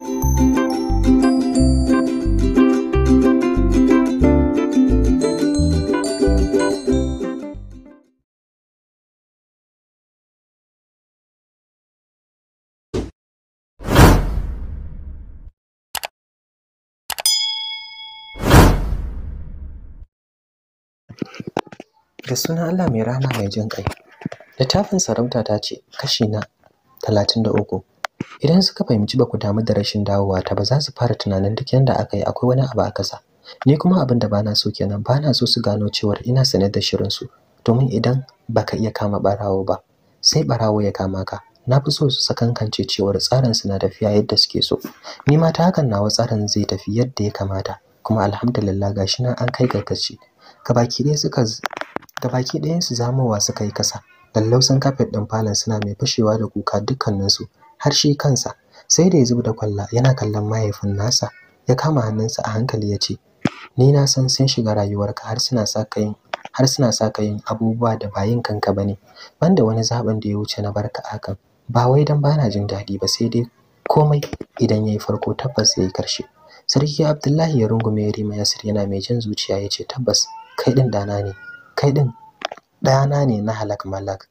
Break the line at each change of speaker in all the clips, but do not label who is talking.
da sunan Allah mai rahama mai jin ƙai littafin sarauta ta ce kashi na talatin da uku. idan suka fahimci ba ku damu da rashin dawowa ta ba za su fara tunanin duk yanda aka yi akwai wani abu a kasa ni kuma abin da bana so kenan bana so su gano cewar ina sanar da shirin su domin idan baka iya kama barawo ba sai barawo ya kama ka na fi so su sakankance cewar tsarin suna tafiya yadda suke so ni ma ta hakan nawa tsarin zai tafi yadda ya kamata kuma alhamdulillah gashi nan an kai gargaci gabaki ɗaya suka gabaki ɗayan su zamowa suka yi kasa lallausan kafet ɗin falon suna mai fashewa da kuka dukkaninsu har shi kansa sai da ya zub da kwalla yana kallon mahaifin nasa ya kama hannunsa a hankali ya ce ni na san sun shiga rayuwarka har suna saka yin har suna ka yin abubuwa da bayin kanka bane banda wani zaben da ya wuce na barka akan ba wai dan bana jin daɗi ba sai dai komai idan yayi farko tabbas yayi karshe sarki abdullahi ya rungume rima yasir yana mai jin zuciya ya ce tabbas kai din dana ne kai din ɗana ne na halak malak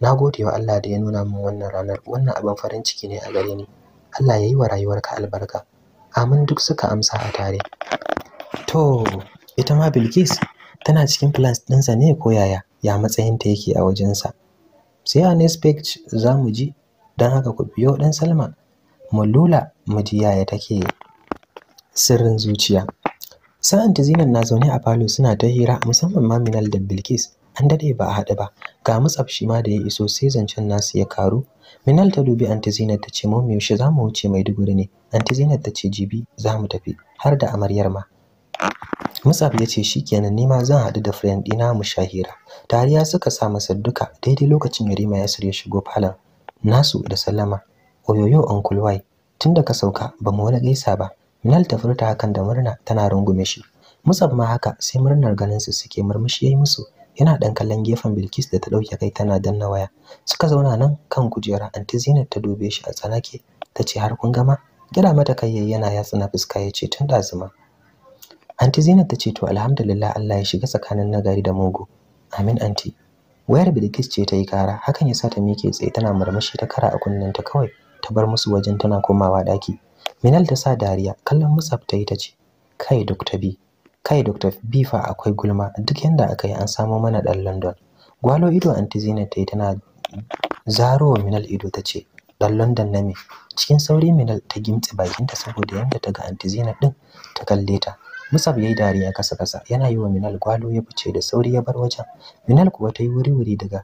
na gode wa Allah da ya nuna min wannan ranar wannan abin farin ciki ne a gare ni Allah ya yi wa rayuwarka albarka amin duk suka amsa a tare to ita ma Bilkis tana cikin plans ɗinsa ne ko yaya ya matsayinta yake a wajensa sai a next page za mu ji don haka ku biyo ɗan Salma mu lula mu ji yaya take sirrin zuciya sa'an ta zinan na zaune a falo suna ta hira musamman ma Minal da Bilkis an dade ba a haɗu ba ga mutsaf shi ma da ya iso sai zancen nasu ya karu minal ta dubi anti zinat ta ce mu yaushe za mu wuce maiduguri ne anti zinat ta ce jibi zamu tafi har da amaryar ma mutsaf ya ce shikenan ni ma zan haɗu da friend ɗina mu shahira tariya suka sa masa duka daidai lokacin yarima ya ya shigo falon nasu da sallama oyoyo uncle y tunda ka sauka ba mu wani gaisa ba minal ta furta hakan da murna tana rungume shi Musab ma haka sai murnar ganin su suke murmushi yayi musu yana ɗan kallon gefen Bilkis da ta ɗauke kai tana danna waya. Suka zauna nan kan kujera, Anti Zinat ta dube shi a tsanake ta ce har kun gama? gira mata kai yayi yana yatsa na fuska ya ce tun ɗazuma. Anti Zinat ta ce to alhamdulillah Allah ya shiga tsakanin nagari da mugu. Amin anti. Wayar Bilkis ce ta yi kara, hakan ya sa ta miƙe tsaye tana murmushi ta kara a kunnenta kawai ta bar musu wajen tana komawa ɗaki. Minal ta sa dariya, kallon Musab ta yi ta ce, Kai ta bi. kai dr bifa akwai gulma duk yanda aka yi an samo mana ɗan london gwalo ido anti zinat ta yi tana zaro wa minal ido ta ce ɗan london na me cikin sauri minal ta gimtsi bakinta saboda yadda ta ga anti zinat ɗin ta kalle ta musab ya yi dariya kasa kasa yana yi wa minal gwalo ya fice da sauri ya bar wajen minal kuwa ta yi wuri wuri daga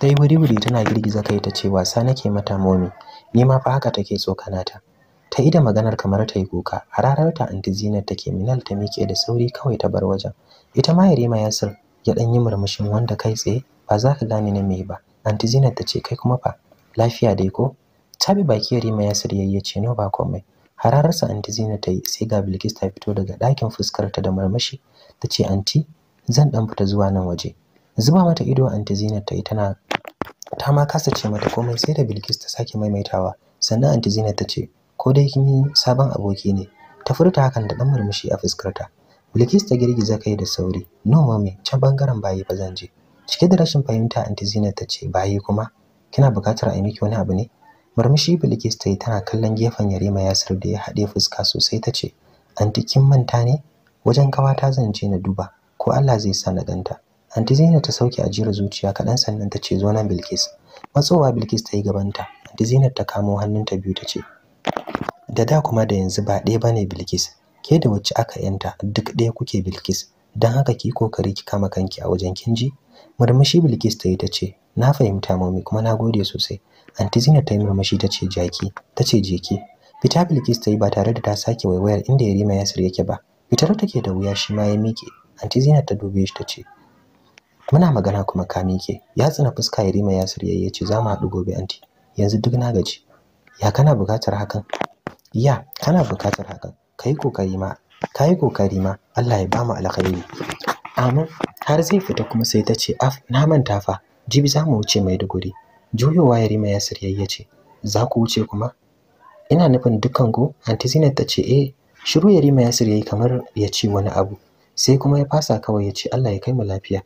ta yi wuri wuri tana girgiza kai ta ce wasa nake mata momi ni ma fa haka take tsokana ta ta yi da maganar kamar ta yi kuka a ranar anti zinar take minal ta miƙe da sauri kawai ta bar wajen ita ma yarima yasir ya ɗan yi murmushin wanda kai tsaye ba za ka gane na me ba anti zinar ta ce kai kuma fa lafiya dai ko ta bi baki yarima yasir ya ce no ba komai hararsa anti zinar ta yi sai ga bilkis ta fito daga ɗakin fuskar ta da murmushi ta ce anti zan ɗan fita zuwa nan waje zuba mata ido anti zinar ta yi tana ta ma kasa ce mata komai sai da bilkis ta sake maimaitawa sannan anti zinar ta ce ko dai kin yi sabon aboki ne ta furta hakan da dan murmushi a fuskarta bilkis ta girgiza kai da sauri no mami can bangaren bayi ba zan je cike da rashin fahimta anti zinat ta ce bayi kuma kina buƙatar a yi miki wani abu ne murmushi bilkis ta yi tana kallon gefen yarima ya da ya haɗe fuska sosai ta ce anti kin manta ne wajen kawata zan je na duba ko Allah zai sa na ganta anti zinat ta sauke jira zuciya kaɗan sannan ta ce zo nan bilkis matsowa bilkis ta yi gabanta anti zinat ta kamo hannunta biyu ta ce da da kuma da yanzu ba ɗaya bane Bilkis ke da wacce aka yanta duk ɗaya kuke Bilkis don haka ki kokari ki kama kanki a wajen kinji murmushi Bilkis ta yi ta ce na fahimta mami kuma na gode sosai anti Zina ta yi murmushi ta ce jaki ta ce jeki fita Bilkis ta yi ba tare da ta sake waiwayar inda Yarima Yasir yake ba fitar take da wuya shi ma ya miƙe anti Zina ta dube shi ta ce muna magana kuma ka miƙe ya tsina fuska Yarima Yasir yayi ya ce za mu haɗu gobe anti yanzu duk na gaji ya kana buƙatar hakan ya kana buƙatar hakan kai kokari ma kai kokari ma Allah ya bamu alkhairi amma har zai fita kuma sai ta ce af na manta fa jibi za mu wuce duguri juyowa ya rima ya Yasir ya ce za ku wuce kuma ina nufin dukkan ku anti Zinat ta ce eh shiru ya rima ya sarya kamar ya ce wani abu sai kuma ya fasa kawai ya ce Allah ya kai mu lafiya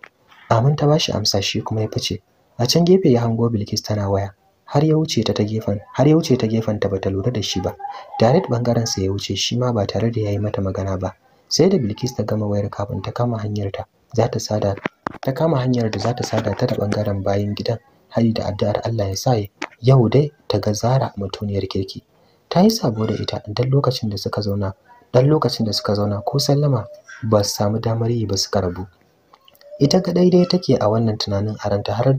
amin ta bashi amsa shi kuma ya fice a can gefe ya hango Bilkis tana waya har ya wuce ta ta gefen har ya wuce ta gefen ta bata lura da shi ba direct bangaren sa ya wuce shi ma ba tare da yayi mata magana ba sai da Bilkis ta gama wayar kafin ta kama hanyar ta za ta sada ta kama hanyar da za ta sada ta da bangaren bayan gidan hari da addu'ar Allah ya sa yau dai ta ga Zara mutuniyar kirki ta yi sabo da ita dan lokacin da suka zauna dan lokacin da suka zauna ko sallama ba su samu damar yi ba suka rabu ita kadai dai take a wannan tunanin aranta har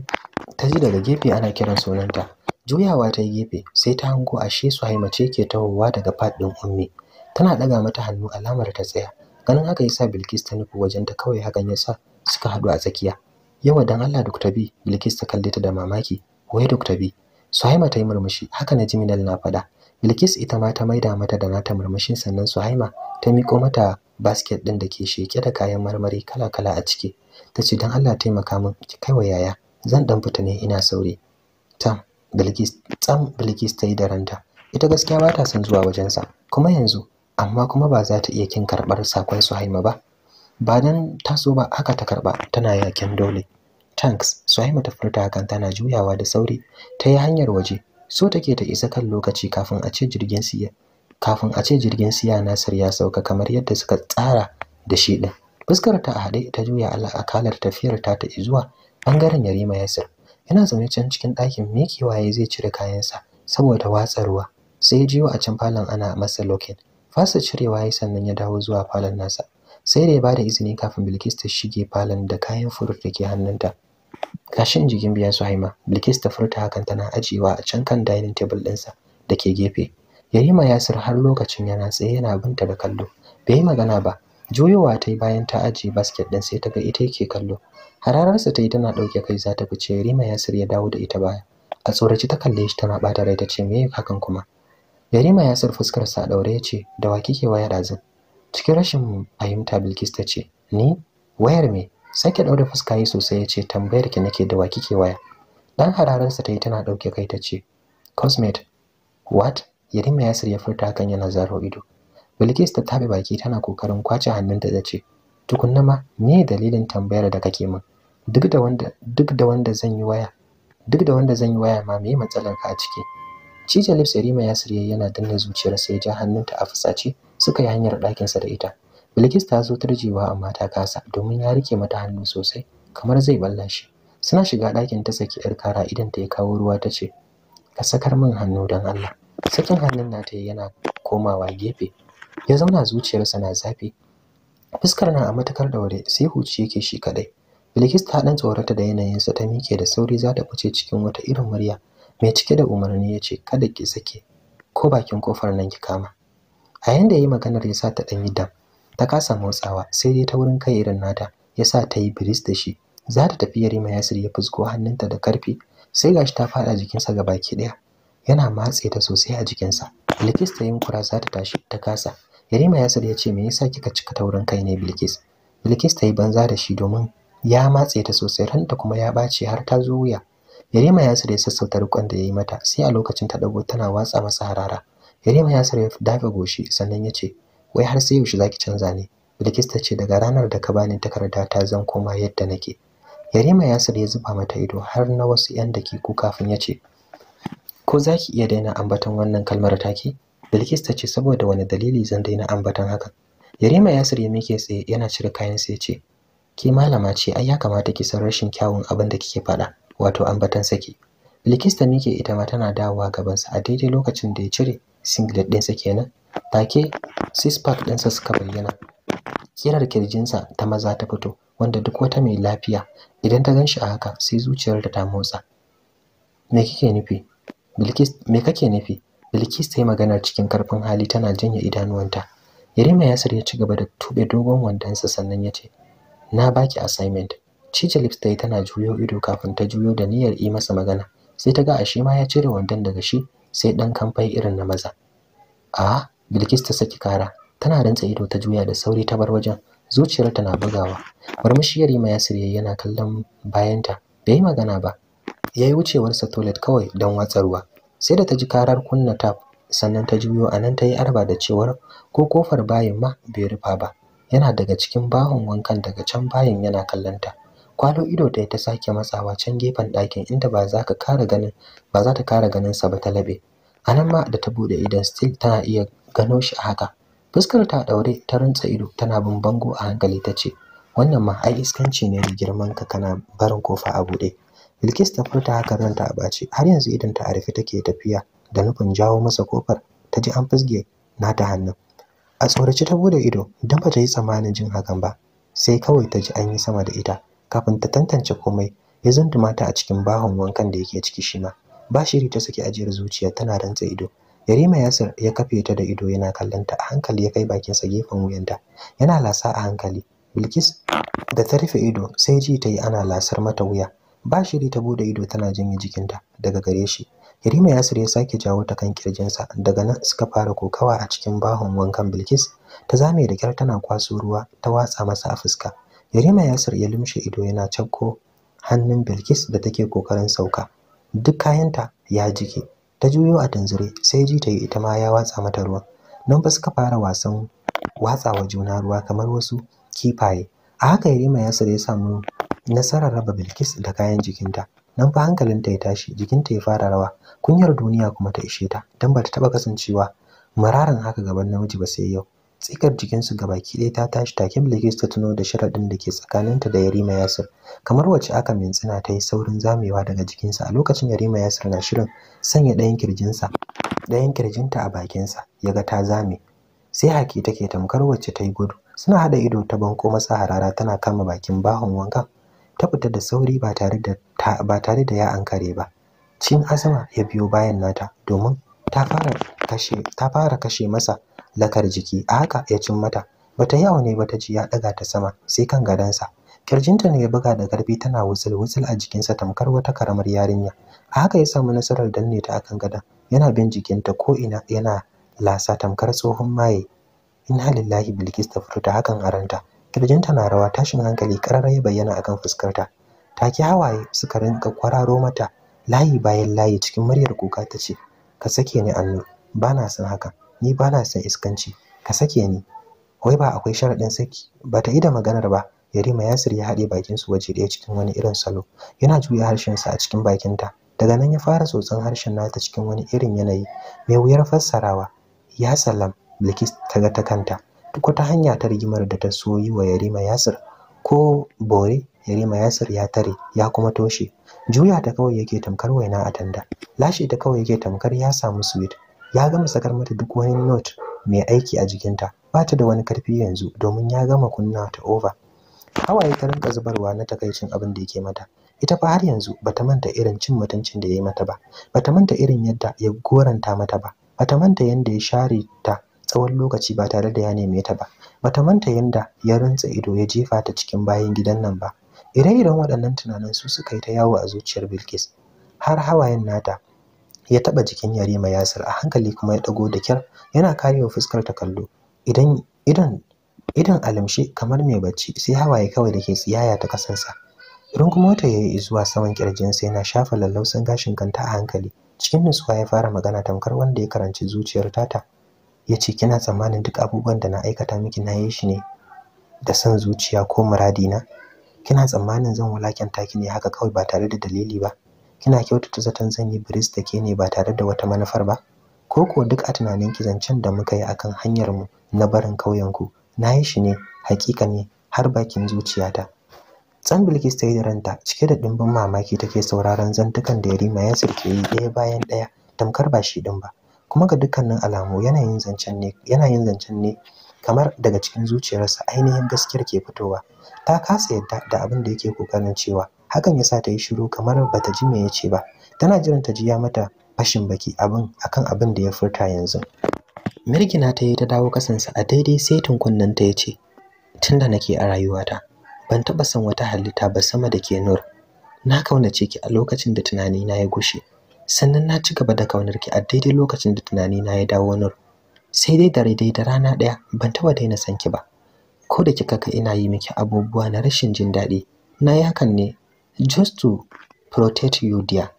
ta ji daga gefe ana kiran sunanta juyawa ta yi gefe sai ta hango ashe suhaima ce ke tahowa daga faɗin ɗin ummi tana ɗaga mata hannu alamar ta tsaya ganin haka yasa bilkis ta nufi wajen ta kawai hakan yasa suka haɗu a tsakiya yawa dan allah dr b bilkis ta kalle ta da mamaki wai dr b suhaima ta yi murmushi haka na minal na faɗa bilkis ita ma ta maida mata da nata murmushin sannan suhaima ta miƙo mata basket ɗin da ke sheke da kayan marmari kala-kala a ciki ta ce don allah taimaka min ki kai wa yaya zan dan fita ne ina sauri tam bilkis tsam bilkis ta da ranta ita gaskiya ba ta son zuwa wajen sa kuma yanzu amma kuma ba za ta iya kin karɓar sakon Suhaima ba ba dan so ba haka ta karɓa tana yakin dole tanks Suhaima ta furta hakan tana juyawa da sauri ta yi hanyar waje so take ta isa kan lokaci kafin a ce jirgin siya kafin a ce jirgin siya Nasir ya sauka kamar yadda suka tsara da shi din fuskar ta a haɗe ta juya Allah kalar tafiyar ta ta zuwa Bangaren Yarima Yasir yana zaune can cikin ɗakin miki waye zai cire kayansa saboda watsa ruwa. Sai ya a can falon ana masa lokin. Fasa cirewa ya sannan ya dawo zuwa falon nasa. Sai da ya bada izini kafin Bilkis ta shige falon da kayan furut da ke hannunta. Gashin jikin biya Suhaima, Bilkis ta furta hakan tana ajiyewa a can kan dining table ɗinsa da ke gefe. Yarima Yasir har lokacin yana tsaye yana binta da kallo. Bai yi magana ba, Juyowa ta yi bayan ta ajiye basket ɗin sai ta ga ita yake kallo. Hararsa ta yi tana ɗauke kai za ta fice Rima ya ya dawo da ita baya. A tsoraci ta kalle shi tana ɓata rai ta ce me hakan kuma. Yarima Yasir fuskarsa a ɗaure ya ce da wa kike waya ɗazun. Cikin rashin fahimta Bilkis ta ce ni wayar me sake ɗaure fuska yi sosai ya ce tambayar ki nake da wa kike waya. Dan hararsa ta yi tana ɗauke kai ta ce cosmate what Yarima Yasir ya furta hakan yana zaro ido. Bilkis ta tabe baki tana kokarin kwace hannunta da ce, "Tukunna ma me dalilin tambayar da kake min? Duk da wanda duk da wanda zan yi waya, duk da wanda zan yi waya ma me matsalar ka a ciki?" Cije lips Rima ya sirye yana danna zuciyar sai ja hannunta a fusace suka yi hanyar sa da ita. Bilkis ta zo turjewa amma ta kasa domin ya rike mata hannu sosai kamar zai balla shi. Suna shiga ɗakin ta saki ‘yar kara idan ta ya kawo ruwa ta ce, Ka sakar min hannu don Allah. Sakin hannun nata yana komawa gefe ya zauna zuciyarsa na zafi fuskar nan a matakar daure sai huci yake shi kadai Bilkis ta dan tsorata da yanayinsa ta mike da sauri za ta fice cikin wata irin murya mai cike da umarni ya ce kada ki sake ko bakin kofar nan ki kama a yanda yayi maganar ya sa ta dan yi dam ta kasa motsawa sai dai ta wurin kai irin nata ya sa ta yi biris da shi za ta tafi yarima yasir ya fusko hannunta da karfi sai gashi ta fada jikinsa ki daya yana matse ta sosai a jikinsa Bilkis ta yi kura za ta tashi ta kasa Yarima Yasir ya ce me yasa kika cika taurin kai ne Bilkis? Bilkis ta yi banza da shi domin ya matse ta sosai ranta kuma ya bace har ta zo wuya. Yarima Yasir ya sassauta rikon da ya yi mata sai a lokacin ta dago tana watsa masa harara. Yarima Yasir ya dafe goshi sannan ya ce wai har sai yaushe zaki canza ne? Bilkis ta ce daga ranar da ka bani takarda ta zan koma yadda nake. Yarima Yasir ya zuba mata ido har na wasu 'yan dakiku kafin ya ce ko zaki iya daina ambaton wannan kalmar taki Bilkis ta ce saboda wani dalili zan daina ambatan haka. Yarima Yasir ya mike tsaye yana cire kayan sai ce ki malama ce ai ya kamata ki san rashin kyawun abin da kike faɗa wato ambatan saki. Bilkis ta mike ita ma tana dawowa gabansa a daidai lokacin da ya cire singlet ɗinsa kenan. Take six pack ɗinsa suka bayyana. Kirar kirjinsa ta maza ta fito wanda duk wata mai lafiya idan ta gan shi a haka sai zuciyarta ta motsa. Me kike nufi? Bilkis me kake nufi? Bilkis ta yi maganar cikin karfin hali tana janye idanuwanta. Yarima Yasir ya ci gaba da tube dogon wandonsa sannan ya ce, Na baki assignment. Cije lips ta yi tana juyo ido kafin ta juyo da niyyar yi masa magana. Sai ta ga ashe ma ya cire wandon daga shi sai ɗan kamfai irin na maza. A Bilkis ta saki kara, tana rantsa ido ta juya da sauri ta bar wajen. Zuciyar ta na bugawa. Murmushi Yarima Yasir yayi yana kallon bayanta. Bai magana ba. Yayi wucewarsa toilet kawai don watsa ruwa. sai da ta ji karar kunna tap sannan ta juyo a nan ta yi arba da cewar ko kofar bayin ma bai rufa ba yana daga cikin bahon wankan daga can bayin yana kallonta kwalo ido ɗaya ta sake matsawa can gefen ɗakin inda ba za ka kara ganin ba za ta kara ganin sa ba ta labe a nan ma da ta buɗe idan still tana iya gano shi a haka fuskar ta ɗaure ta rantsa ido tana bin bango a hankali ta ce wannan ma ai iskanci ne da girman ka kana barin kofa a buɗe. Bilkis ta furta hakan ranta a ɓaci har yanzu idan ta rufe take tafiya da nufin jawo masa kofar ta ji an fizge ta hannu. A tsoraci ta bude ido don ba ta yi tsammanin jin hakan ba sai kawai ta ji an yi sama da ita kafin ta tantance komai ya zunduma ta a cikin bahon wankan da yake ciki shi ma. shiri ta saki ajiyar zuciya tana rantsa ido. Yarima Yasir ya kafe ta da ido yana kallon ta a hankali ya kai bakinsa gefen wuyanta. Yana lasa a hankali. Bilkis da ta rufe ido sai ji ta yi ana lasar mata wuya ba shiri ta bude ido tana janye jikinta daga gare shi Yarima Yasir ya sake jawo ta kan kirjinsa daga nan suka fara kokawa a cikin bahon wankan Bilkis ta zame da kyar tana kwaso ruwa ta watsa masa a fuska Yarima Yasir ya lumshe ido yana cakko hannun Bilkis da take kokarin sauka duk kayanta ya jike ta juyo a tanzure sai ji ta yi ita ma ya watsa mata ruwa. nan ba suka fara wasan watsawa juna ruwa kamar wasu kifaye a haka Yarima Yasir ya samu Nasarar Raba Bilkis da kayan jikinta. Nan fa hankalinta ya tashi, jikinta ya fara rawa, kunyar duniya kuma ta ishe ta, don ba ta taɓa kasancewa mararan haka gaban namiji ba sai yau. Tsikar jikinsu baki ɗaya ta tashi take Bilkis ta tuno da sharaɗin da ke tsakaninta da Yarima Yasir. Kamar wacce aka mintsina ta yi saurin zamewa daga jikinsa a lokacin Yarima Yasir na shirin sanya ɗayan kirjinsa, ɗayan kirjinta a bakinsa, ya ga ta zame. Sai haki take tamkar wacce ta yi gudu. Suna haɗa ido ta banko masa harara tana kama bakin bahon wankan. ta fita da sauri ba tare da ba tare da ya ankare ba cin azama ya biyo bayan nata domin ta fara kashe masa lakar jiki a haka ya cin mata bata yawa ne ba ta ji ya daga ta sama sai kan gadansa kirjinta ne ya buga da karfi tana wutsul wutsul a jikinsa tamkar wata karamar yarinya a haka ya samu nasarar danne ta akan gadan yana bin jikinta ko ina yana lasa tamkar tsohon maye inna lillahi bilkis ta furta hakan aranta kirjinta na rawa tashin hankali karara ya bayyana akan fuskarta ki hawaye suka rinka kwararo mata layi bayan layi cikin muryar kuka ta ce ka sake ni annu ba na son haka ni ba na son iskanci ka sake ni wai ba akwai sharaɗin saki ba ta yi da maganar ba yarima yasir ya haɗe bakin su waje ɗaya cikin wani irin salo yana juya harshen sa a cikin bakinta daga nan ya fara tsotson harshen nata cikin wani irin yanayi mai wuyar fassarawa ya salam bilkis ta ga ta kanta duk wata hanya ta rigimar da ta so yi wa Yarima Yasir ko bore Yarima Yasir ya tare ya kuma toshe juya ta kawai yake tamkar waina a tanda lashe ta kawai yake tamkar ya samu sweet ya gama sakar mata duk wani note mai aiki a jikinta ba ta da wani karfi yanzu domin ya gama kunna ta over hawaye ta rinka zubarwa na takaicin abin da yake mata ita fa har yanzu ba ta manta irin cin mutuncin da ya yi mata ba ba ta manta irin yadda ya goranta mata ba ba ta manta yadda ya share ta tsawon lokaci ba tare da ya neme ta ba bata manta yanda ya rantsa ido ya jefa ta cikin bayan gidan nan ba ire-iren waɗannan tunanin su suka yi ta yawo a zuciyar Bilkis har hawayen nata ya taɓa jikin Yarima Yasir a hankali kuma ya dago da kyar yana karewa fuskar ta kallo idan idan idan alamshe kamar mai bacci sai hawaye kawai da ke tsiyaya ta idan kuma wata yayi zuwa saman kirjin sai yana shafa lallausan gashin kanta a hankali cikin nutsuwa ya fara magana tamkar wanda ya karanci zuciyar tata ya ce kina tsammanin duk abubuwan da na aikata miki na yi shi ne da son zuciya ko muradi na kina tsammanin zan wulakanta ki ne haka kawai ba tare da dalili ba kina kyautata zaton zan yi biris ke ne ba tare da wata manufar ba ko ko duk a tunanin ki zancen da muka yi akan hanyar mu na barin kauyen ku na yi shi ne hakika ne har bakin zuciyata tsan bilkis ta yi da ranta cike da dimbin mamaki take sauraron zantukan da yarima ya sirke yi ɗaya bayan ɗaya tamkar ba shi din ba kuma ga dukkanin alamu yanayin yin zancen ne kamar daga cikin zuciyarsa ainihin gaskiyar ke fitowa ta kasa yadda da abin da yake kokarin cewa hakan ya sa ta yi shiru kamar bata ji me ya ce ba tana jiran ta jiya mata fashin baki abin akan abin da ya furta yanzu mirgina ta yi ta dawo kasansa a daidai setin kunnen ta yace tunda nake a rayuwata ban taba san wata halitta ba sama da ke nur na kaunace ki a lokacin da tunani na ya gushe sannan na ci gaba da kaunar ki a daidai lokacin da tunani na ya dawo nur sai dai da daidai da rana ɗaya ban taba daina san ki ba ko da kika ka ina yi miki abubuwa na rashin jin daɗi na yi hakan ne just to protect you dear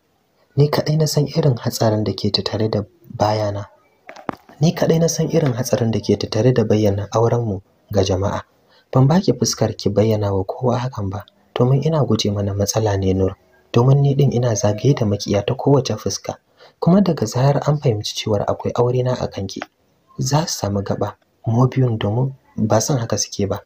ni kaɗai na san irin hatsarin da ke tattare da bayana ni kaɗai na san irin hatsarin da ke tattare da bayyana mu ga jama'a ban baki fuskar ki bayyana wa kowa hakan ba domin ina guje mana matsala ne nur domin ni din ina zagaye da makiya ta kowace fuska kuma daga zarar an fahimci cewar akwai aure na akan ki za su samu gaba mu biyun domin ba san haka suke ba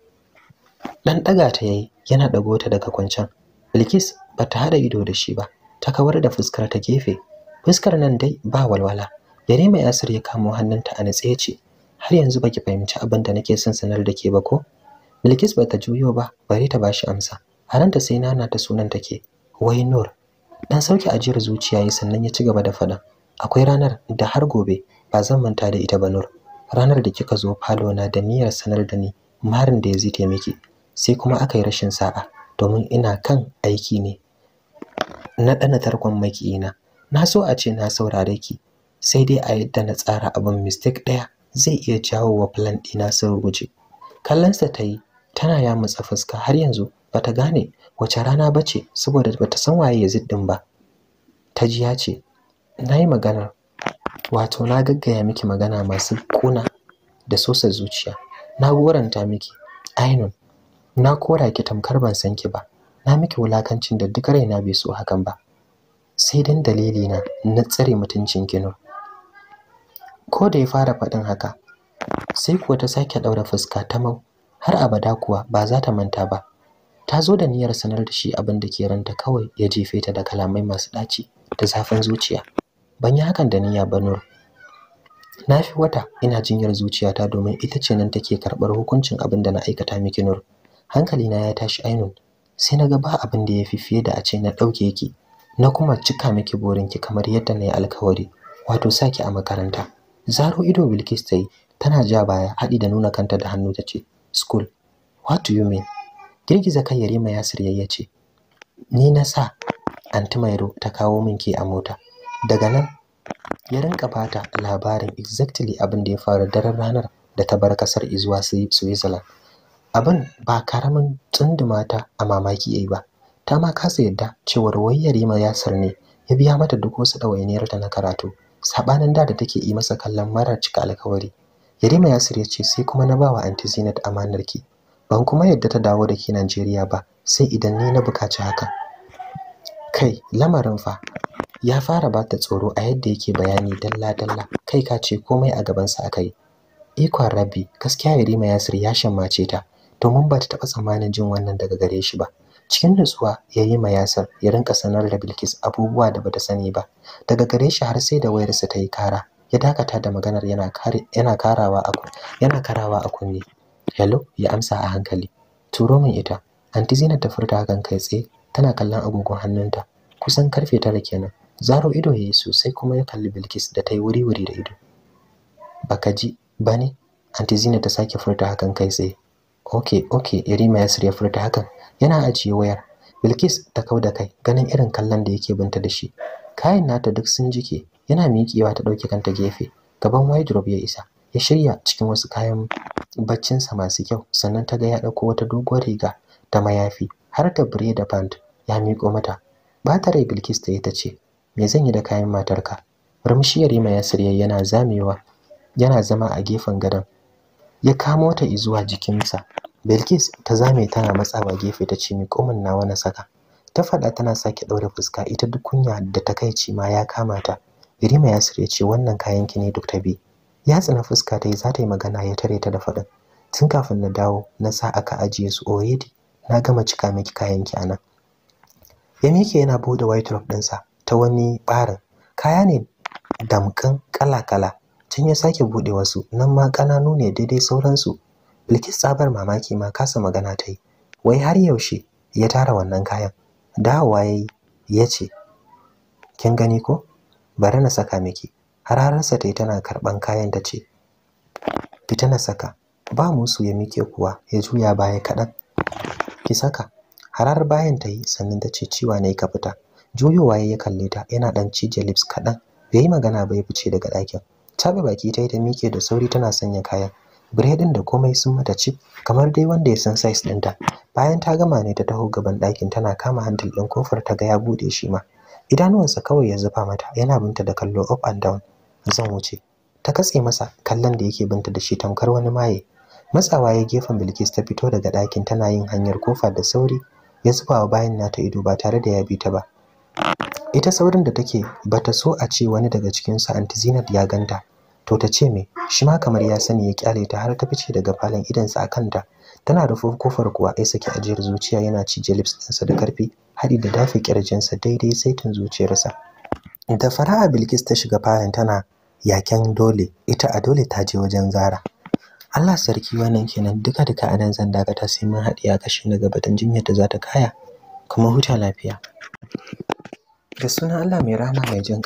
dan daga ta yayi yana dago ta daga kwancan Bilkis ba ta hada ido da shi ba ta kawar da fuskar ta gefe fuskar nan dai ba walwala Yarima asir ya kamo hannunta a natsaye ce har yanzu baki fahimci abin da nake son sanar da ke ba ko Bilkis bata juyo ba bare ta bashi amsa haranta sai nana ta sunan take wai nur dan sauke ajiyar zuciya yi sannan ya ci gaba da faɗa akwai ranar da har gobe ba zan manta da ita ba nur ranar da kika zo falo na da niyyar sanar da ni marin da ya zite miki sai kuma aka yi rashin sa'a domin ina kan aiki ne na dana tarkon makiyina na so a ce na saurare ki sai dai a yadda na tsara abin mistake ɗaya zai iya jawo wa plan ɗina sun ruguje kallonsa ta yi tana yamutsa fuska har yanzu bata gane wace rana bace saboda bata san waye ya ziddin ba ta ji ya ce nayi magana wato na gaggaya miki magana masu kuna da sosa zuciya na goranta miki ainun na kora ki tamkar ban san ki ba na miki wulakancin da duk raina bai so hakan ba sai dan dalili na na tsare mutuncin ki ko da ya fara faɗin haka sai kuwa ta sake ɗaura fuska ta mau har abada kuwa ba za ta manta ba ta zo da niyyar sanar da shi abin da ke ranta kawai ya jefe ta da kalamai masu ɗaci da zafin zuciya ban yi hakan da niyya ba nur na fi wata ina jinyar zuciyata domin ita ce nan take karɓar hukuncin abin da na aikata miki nur hankalina ya tashi ainun sai na ga ba abin da ya fi fiye da a ce na ɗauke ki na kuma cika miki burinki kamar yadda na yi alkawari wato saki a makaranta zaro ido bilkis ta yi tana ja baya haɗi da nuna kanta da hannu ta ce school what do you mean girgiza kai Yarima Yasir siryayya ce ni na sa anti Mairo ta kawo min ke a mota daga nan ya rinka bata labarin exactly abin da ya faru daren ranar da ta bar kasar izuwa Switzerland abin ba karamin tsunduma mata a mamaki yayi ba ta ma kasa yadda cewar wai Yarima Yasir ne ya biya mata duk wasu ɗawainiyar ta na karatu sabanin da da take yi masa kallon mara cika alkawari Yarima Yasir ya ce sai kuma na bawa anti Zinat amanar ki ban kuma yadda ta dawo da ke Najeriya ba sai idan ni na bukaci haka kai lamarin fa ya fara ba ta tsoro a yadda yake bayani dalla dalla kai ka ce komai a gabansa akai ikon rabbi gaskiya yarima yasir ya shammace ta domin ba ta taɓa tsammanin jin wannan daga gare shi ba cikin nutsuwa ya yi Yasir ya rinka sanar da bilkis abubuwa da bata sani ba daga gare shi har sai da wayarsa ta yi kara ya dakata da maganar yana karawa a kunne hello ya amsa a hankali turo min ita anti Zainab ta furta hakan kai tsaye tana kallon agogon hannunta kusan karfe tara kenan zaro ido yayi sosai kuma ya kalli Bilkis da ta yi wuri-wuri da ido baka ji ba ne, anti Zainab ta sake furta hakan kai tsaye okay okay Yarima ya sirya furta hakan yana ajiye wayar Bilkis ta kauda kai ganin irin kallon da yake binta da shi kayan nata duk sun jike yana miƙewa ta ɗauke kanta gefe gaban wardrobe ya isa ya shirya cikin wasu kayan baccinsa masu kyau sannan ta ga ya ɗauko wata doguwar riga ta mayafi har da bire da pant ya miƙo mata ba ta rai bilkis ta yi ta ce me zan yi da kayan matarka ka ya rima ya sirye yana zamewa yana zama a gefen gadon ya kamo ta zuwa jikinsa bilkis ta zame tana matsawa gefe ta ce miƙo min nawa na saka ta faɗa tana sake ɗaure fuska ita duk kunya da ta ci ma ya kama ta Irima Yasir ya ce wannan kayan ki ne ta B. ya tsina fuska ta yi za ta yi magana ya tare ta da faɗin tun kafin na dawo na sa aka ajiye su already na gama cika miki kayan ki anan ya miki yana bude white robe ɗinsa ta wani ɓarin kaya ne damkan kala-kala tun ya sake bude wasu nan ma ƙananu ne daidai sauransu bilkis tsabar mamaki ma kasa magana ta yi wai har yaushe ya tara wannan kayan dawowa ya yi ya ce kin gani ko bari na saka miki hararsa ta tana karɓan kayan ta ce fita na saka ba musu ya mike kuwa ya juya baya kaɗan ki saka harar bayan tayi yi sannan ta ce ciwa ne ka fita juyowa ya kalle ta yana ɗan cije lips kaɗan bai yi magana ba ya fice daga ɗakin ga baki ta ta mike da sauri tana sanya kayan biredin da komai sun mata ci kamar dai wanda ya san size ɗinta bayan ta gama ne ta taho gaban ɗakin tana kama handle ɗin kofar ta ga ya buɗe shi ma idanuwansa kawai ya zufa mata yana binta da kallo up and down zan wuce ta katse masa kallon da yake binta da shi tamkar wani maye matsawa ya gefen Bilkis ta fito daga ɗakin tana yin hanyar kofa da sauri ya zuba wa bayan nata ido ba tare da ya bi ta ba ita saurin da take bata so a ce wani daga cikin su anti Zinat ya ganta to ta ce me shi ma kamar ya sani ya kyale ta har ta fice daga falon sa a kanta tana rufe kofar kuwa ya saki ajiyar zuciya yana cije lips ɗinsa da karfi haɗi da dafe kirjinsa daidai saitin zuciyarsa Da fara Bilkis ta shiga falon tana yaken dole, ita a dole ta je wajen Zara. Allah sarki wannan kenan duka duka a nan zan dakata sai mun haɗiya kashi na gaba don jinyar da za ta kaya kuma huta lafiya. Da suna Allah mai rana mai jin